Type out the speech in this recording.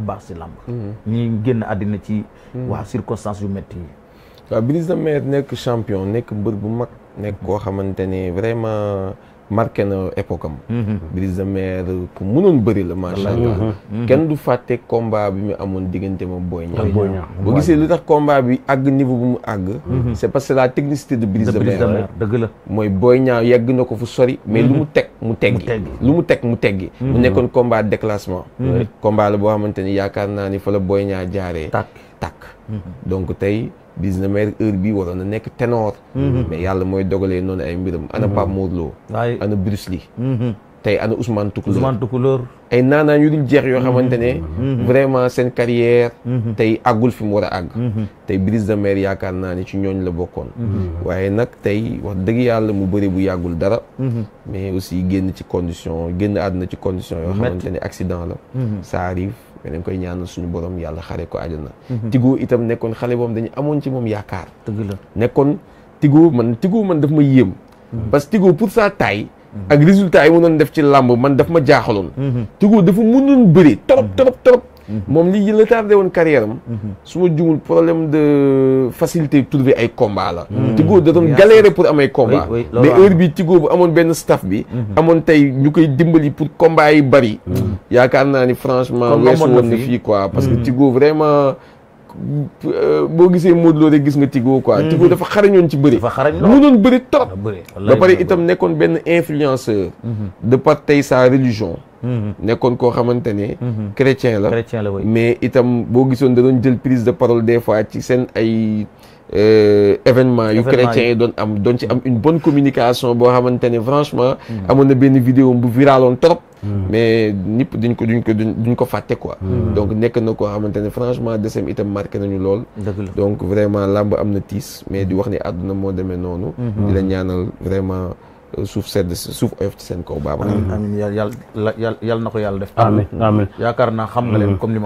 baax si làmb mhm. ñi génn àddina ci mhm. waa circonstance yu métti yi waaw Brise de Mer nekk champion nekk mbër bu mag nekk koo xamante ne vraiment marqué na époque am. Mhm. Brise de Mer ku mënoon bëri la macha allah. Mhm. Mhm. kenn du fàtte combat bi mu amoon diggante ma Boy Niang. ak Boy Niang boo gisee lu tax combat bi àgg niveau bu mu àgg. c' est parce que la technicité de Brise de Mer. dëgg la mooy Boy Niang yegg na ko fu sori. mais lu mu teg mu teggi lu mu teg mu teg mu nekkoon combat déclassement. combat la boo xamante ni yaakaar naa ni fa la Boy Niang jaaree. takk takk donc Brise de Mer heure bii waroon na nekk ténor mm-hmm. mais yàlla mooy dogalee noonu ay mbiram ana mm-hmm. Pape Modou Lo ana Bruce Lee mm-hmm. tey ana Ousmane Toucouleur Ousmane Toucouleur ay naanaa ñu dul jeex yoo mm-hmm. xamante ne mm-hmm. vraiment seen carrière mm-hmm. tey àggul fi mu war a àgg tey Brise de maire yaakaar naa ni ci ñooñ la bokkoon waaye nag tey wax dëgg yàlla mu bëri bu yàggul dara mais aussi génn ci condition génn àdduna ci condition yoo xamante ne accident la saa arrive mais dañ koy ñaanal suñu borom yàlla xare ko àjjana Tigo itam nekkoon xale boobu dañu amoon ci moom yaakaar dëgg la nekkoon Tigo man Tigo man daf ma yéem ak résultat yi mu doon def ci làmb man daf ma jaaxaloon. Tigo dafa mënoon bëri trop trop trop. moom li la tardé woon kar am. Mhm. su ma jumul problème de facilité trouver ay combat la. Mhm. Tigo da doon galérer pour am ay combat mais bi Tigo bu amoon benn staff bi. Mhm. amoon tey ñu koy dimbali pour combat yi bari. yaakaar naa ni franchement. weesu woon na fii quoi parce que Tigo vraiment. Euh, boo gisee Modou Lo rek gis nga Tigo quoi. Mm-hmm. Tigo dafa xarañoon ci bëri. dafa xarañ lool mënoon bëri trop. ba pare itam nekkoon benn influenceur. Mm-hmm. de par sa religion. Mm-hmm. nekkoon koo xamante ne. chrétien la chrétien la mais itam boo gisoon da doon jël prise de parole des fois ci seen ay. Euh, événement yu chrétiens doon am doon ci am une bonne communication boo xamante franchement. amoon na benn vidéo bu viraloon trop. Hmm. mais ñëpp duñ ko duñ ko duñ ko fàtte quoi. Hmm. donc nekk na koo xamante ne franchement desem itam marqué nañu lool. donc vraiment làmb am na tiis mais di wax ni àdduna moo demee noonu. Hmm. di la ñaanal vraiment. Euh, suuf sedd suuf oyof ci seen kaw baaba amiin amiin na ko yàlla def yaakaar naa xam nga leen comme li